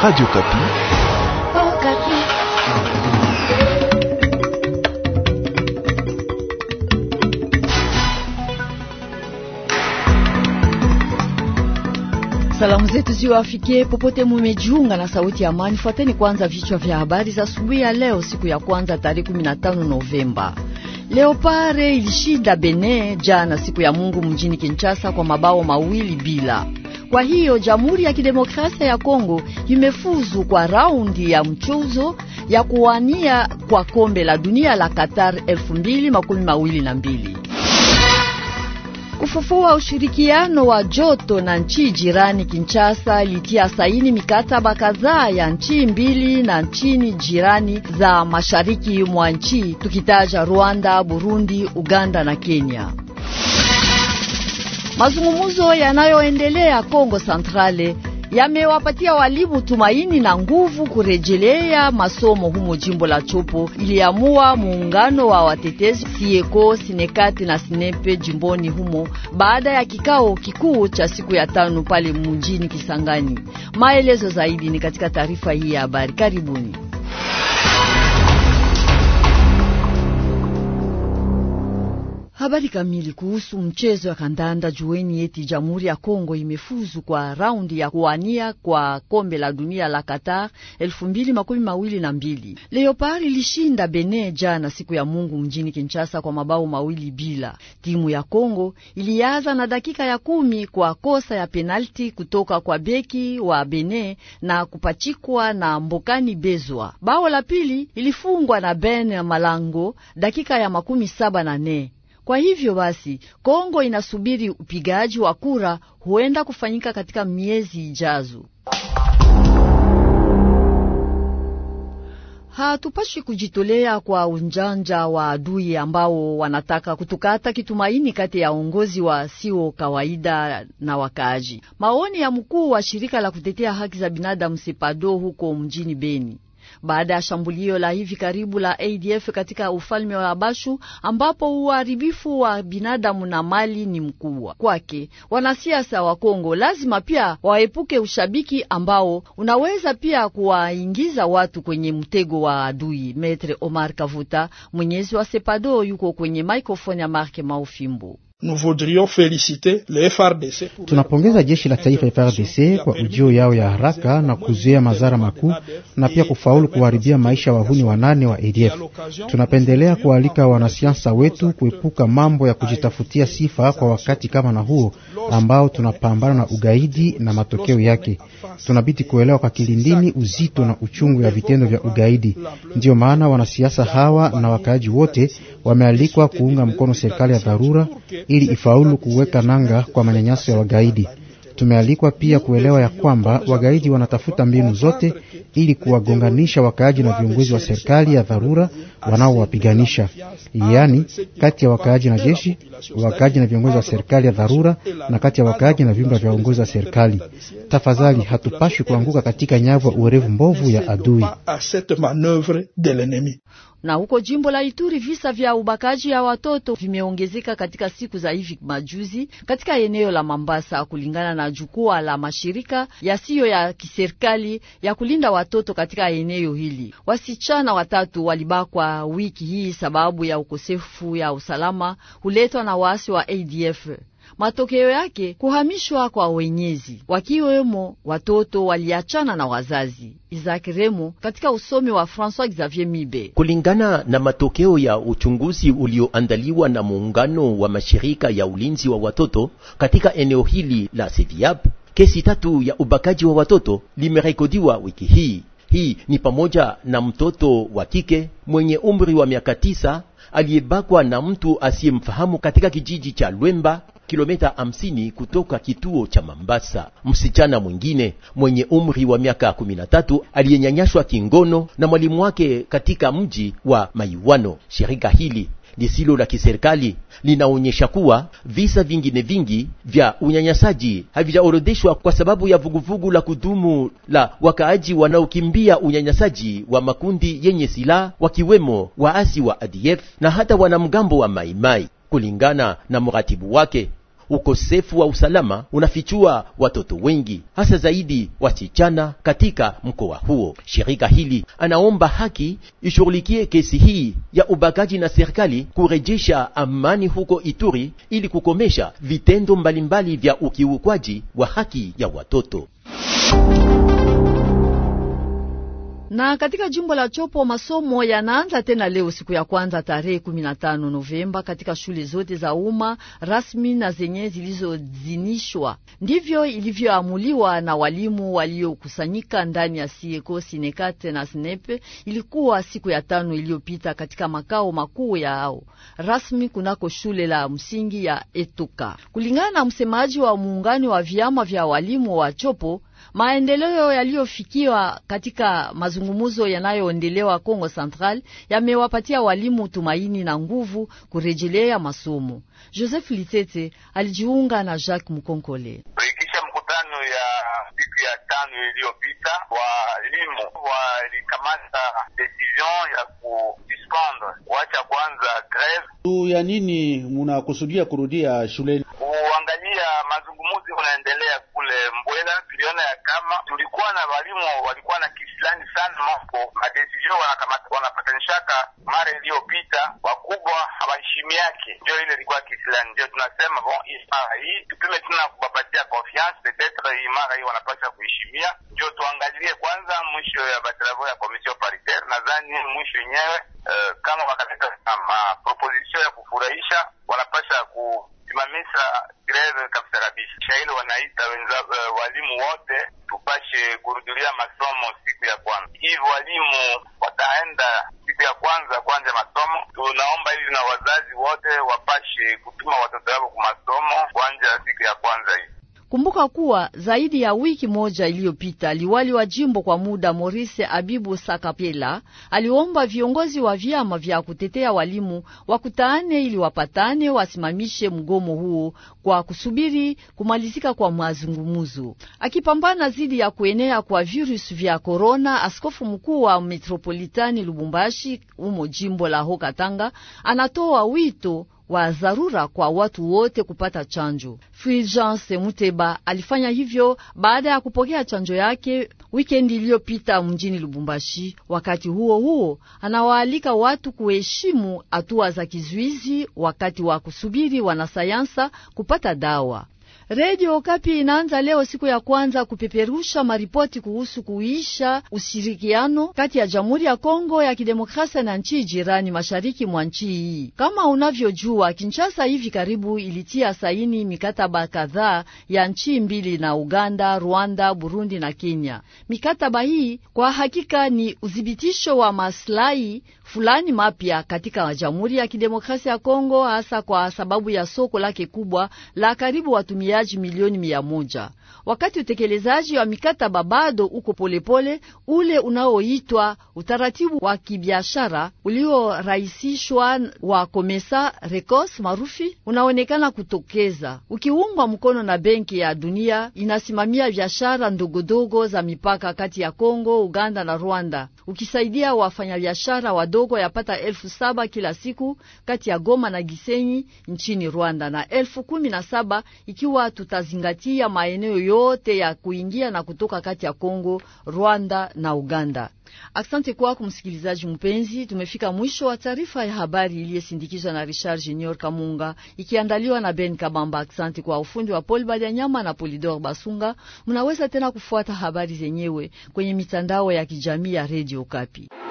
Radio Kapi. Oh, Kapi. Salamu zetu ziwafikie popote mumejiunga na sauti ya amani. Fuateni kwanza vichwa vya habari za asubuhi ya leo, siku ya kwanza tarehe 15 Novemba. Leopare ilishinda Benin jana siku ya Mungu mjini Kinshasa kwa mabao mawili bila kwa hiyo Jamhuri ya Kidemokrasia ya Kongo imefuzu kwa raundi ya mchuzo ya kuwania kwa kombe la dunia la Qatar 2022. Kufufua ushirikiano wa joto na nchi jirani, Kinshasa ilitia saini mikataba kadhaa ya nchi mbili na nchini jirani za mashariki mwa nchi, tukitaja Rwanda, Burundi, Uganda na Kenya. Mazungumzo yanayoendelea Kongo Centrale yamewapatia walimu tumaini na nguvu kurejelea masomo humo. Jimbo la Chopo iliamua muungano wa watetezi Sieko, Sinekati na Sinepe jimboni humo baada ya kikao kikuu cha siku ya tano pale mjini Kisangani. Maelezo zaidi ni katika taarifa hii ya habari. Karibuni. Habari kamili kuhusu mchezo ya kandanda jueni eti Jamhuri ya Kongo imefuzu kwa raundi ya kuwania kwa kombe la dunia la Qatar mbili. Leopard ilishinda Benin jana siku ya Mungu mjini Kinshasa kwa mabao mawili bila. Timu ya Kongo ilianza na dakika ya kumi kwa kosa ya penalti kutoka kwa beki wa Benin na kupachikwa na Mbokani Bezwa. Bao la pili ilifungwa na Ben Malango dakika ya makumi saba na nne. Kwa hivyo basi, Kongo inasubiri upigaji wa kura huenda kufanyika katika miezi ijazo. Hatupashi kujitolea kwa unjanja wa adui ambao wanataka kutukata kitumaini kati ya uongozi wa sio kawaida na wakaaji. Maoni ya mkuu wa shirika la kutetea haki za binadamu Sepado huko mjini Beni baada ya shambulio la hivi karibu la ADF katika ufalme wa Bashu ambapo uharibifu wa binadamu na mali ni mkubwa kwake. Wanasiasa wa Kongo lazima pia waepuke ushabiki ambao unaweza pia kuwaingiza watu kwenye mtego wa adui. Metre Omar Kavuta, mwenyezi wa Sepado, yuko kwenye maikrofoni ya Marke Maufimbo. Tunapongeza jeshi la taifa FRDC kwa ujio yao ya haraka na kuzuia madhara makuu na pia kufaulu kuharibia maisha wahuni wanane wa ADF. Tunapendelea kualika wanasiasa wetu kuepuka mambo ya kujitafutia sifa kwa wakati kama na huo ambao tunapambana na ugaidi na matokeo yake. Tunabidi kuelewa kwa kilindini uzito na uchungu ya vitendo vya ugaidi. Ndiyo maana wanasiasa hawa na wakaaji wote wamealikwa kuunga mkono serikali ya dharura ili ifaulu kuweka nanga kwa manyanyaso ya wagaidi. Tumealikwa pia kuelewa ya kwamba wagaidi wanatafuta mbinu zote ili kuwagonganisha wakaaji na viongozi wa serikali ya dharura wanaowapiganisha, yaani kati ya wakaaji na jeshi, wakaaji na viongozi wa serikali ya dharura, na kati ya wakaaji na vyumba vya uongozi wa serikali. Tafadhali, hatupashi kuanguka katika nyavu ya uerevu mbovu ya adui. Na huko jimbo la Ituri visa vya ubakaji ya watoto vimeongezeka katika siku za hivi majuzi katika eneo la Mambasa, kulingana na jukwaa la mashirika yasiyo ya kiserikali ya kulinda watoto katika eneo hili. Wasichana watatu walibakwa wiki hii sababu ya ukosefu ya usalama huletwa na waasi wa ADF matokeo yake kuhamishwa kwa wenyezi wakiwemo watoto waliachana na wazazi. Isaac Remo katika usomi wa François Xavier Mibe. Kulingana na matokeo ya uchunguzi ulioandaliwa na muungano wa mashirika ya ulinzi wa watoto katika eneo hili la Seviap, kesi tatu ya ubakaji wa watoto limerekodiwa wiki hii. Hii ni pamoja na mtoto wa kike mwenye umri wa miaka tisa aliyebakwa na mtu asiyemfahamu katika kijiji cha Lwemba kilomita hamsini kutoka kituo cha Mambasa. Msichana mwingine mwenye umri wa miaka kumi na tatu aliyenyanyashwa kingono na mwalimu wake katika mji wa Maiwano. Shirika hili lisilo la kiserikali linaonyesha kuwa visa vingine vingi vya unyanyasaji havijaorodheshwa kwa sababu ya vuguvugu la kudumu la wakaaji wanaokimbia unyanyasaji wa makundi yenye silaha wakiwemo waasi wa ADF na hata wanamgambo wa Maimai. Kulingana na mratibu wake, ukosefu wa usalama unafichua watoto wengi, hasa zaidi wasichana katika mkoa huo. Shirika hili anaomba haki ishughulikie kesi hii ya ubakaji na serikali kurejesha amani huko Ituri ili kukomesha vitendo mbalimbali vya ukiukwaji wa haki ya watoto. Na katika jimbo la Chopo masomo yanaanza tena leo siku ya kwanza tarehe 15 Novemba katika shule zote za umma rasmi na zenye zilizozinishwa. Ndivyo ilivyoamuliwa na walimu waliokusanyika ndani ya Sieko Sinekate na snepe Ilikuwa siku ya tano iliyopita katika makao makuu yao rasmi kunako shule la msingi ya Etuka. Kulingana na msemaji wa muungano wa vyama vya walimu wa Chopo Maendeleo yaliyofikiwa katika mazungumzo yanayoendelewa Kongo Central yamewapatia walimu tumaini na nguvu kurejelea masomo. Joseph Litete alijiunga na Jacques Mukonkole mkutano ya siku ya tano iliyopita, walimu walikamata decision ya kususpendre, wacha kwanza greve. Tu ya nini munakusudia kurudia shuleni? mambo madesijio wanapatanisha mara iliyopita, wakubwa hawaheshimi yake, ndio ile ilikuwa kisila. Ndio tunasema bon, mara hii tupime tena kubapatia confiance, peut-etre hii mara hii wanapasha kuheshimia. Ndio tuangalie kwanza mwisho ya batravo ya commission paritaire, nadhani mwisho yenyewe uh, kama wakafika wapashe kutuma watoto kwa masomo kwanja siku ya kwanza hii. Kumbuka kuwa zaidi ya wiki moja iliyopita liwali wa jimbo kwa muda Maurice Abibu Sakapela aliomba viongozi wa vyama vya kutetea walimu wakutane ili wapatane wasimamishe mgomo huo kwa kusubiri kumalizika kwa mazungumzo. Akipambana dhidi ya kuenea kwa virusi vya korona, askofu mkuu wa metropolitani Lubumbashi umo jimbo la Haut-Katanga anatoa wito wa dharura kwa watu wote kupata chanjo. Fulgence Muteba alifanya hivyo baada ya kupokea chanjo yake wikendi iliyopita mjini Lubumbashi. Wakati huo huo, anawaalika watu kuheshimu hatua za kizuizi wakati wa kusubiri wanasayansa kupata dawa. Redio Okapi inaanza leo siku ya kwanza kupeperusha maripoti kuhusu kuisha ushirikiano kati ya Jamhuri ya Kongo ya Kidemokrasia na nchi jirani mashariki mwa nchi hii. Kama unavyojua, Kinshasa hivi karibu ilitia saini mikataba kadhaa ya nchi mbili na Uganda, Rwanda, Burundi na Kenya. Mikataba hii kwa hakika ni udhibitisho wa maslahi fulani mapya katika Jamhuri ya Kidemokrasia ya Kongo, hasa kwa sababu ya soko lake kubwa la karibu watumiaji milioni mia moja wakati utekelezaji wa mikataba bado uko polepole, ule unaoitwa utaratibu wa kibiashara uliorahisishwa wa Komesa Rekos marufi unaonekana kutokeza, ukiungwa mkono na Benki ya Dunia inasimamia biashara ndogodogo za mipaka kati ya Kongo, Uganda na Rwanda, ukisaidia wafanyabiashara wadogo yapata elfu saba kila siku kati ya Goma na Gisenyi nchini Rwanda na elfu kumi na saba ikiwa tutazingatia maeneo yote ya kuingia na kutoka kati ya Kongo, Rwanda na Uganda. Asante kwako msikilizaji mpenzi, tumefika mwisho wa taarifa ya habari iliyesindikizwa na Richard Junior Kamunga ikiandaliwa na Ben Kabamba. Asante kwa ufundi wa Paul Badanyama na Polidor Basunga. Mnaweza tena kufuata habari zenyewe kwenye mitandao ya kijamii ya Radio Kapi.